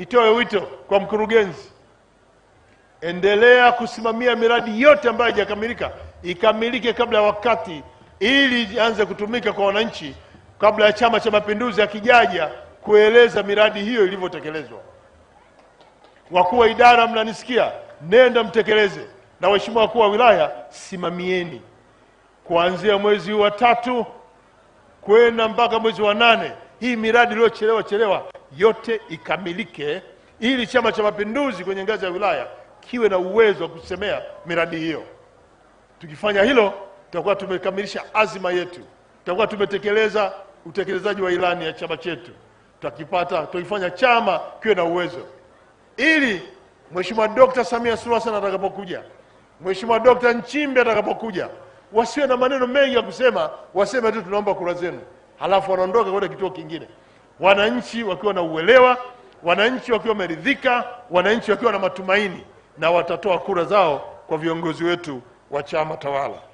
Nitoe wito kwa mkurugenzi, endelea kusimamia miradi yote ambayo haijakamilika, ikamilike kabla ya wakati, ili ianze kutumika kwa wananchi, kabla ya Chama cha Mapinduzi akijaja kueleza miradi hiyo ilivyotekelezwa. Wakuu wa idara, mnanisikia? Nenda mtekeleze, na waheshimiwa wakuu wa wilaya simamieni, kuanzia mwezi wa tatu kwenda mpaka mwezi wa nane, hii miradi iliyochelewa chelewa yote ikamilike, ili Chama cha Mapinduzi kwenye ngazi ya wilaya kiwe na uwezo wa kusemea miradi hiyo. Tukifanya hilo, tutakuwa tumekamilisha azima yetu, tutakuwa tumetekeleza utekelezaji wa ilani ya chama chetu. Tutakipata, tutakifanya chama kiwe na uwezo, ili Mheshimiwa Dkt. Samia Suluhu Hassan atakapokuja, Mheshimiwa Dkt. Nchimbi atakapokuja, wasiwe na maneno mengi ya kusema, waseme tu tunaomba kura zenu, halafu wanaondoka kwenda kituo kingine wananchi wakiwa na uelewa, wananchi wakiwa wameridhika, wananchi wakiwa na matumaini, na watatoa kura zao kwa viongozi wetu wa chama tawala.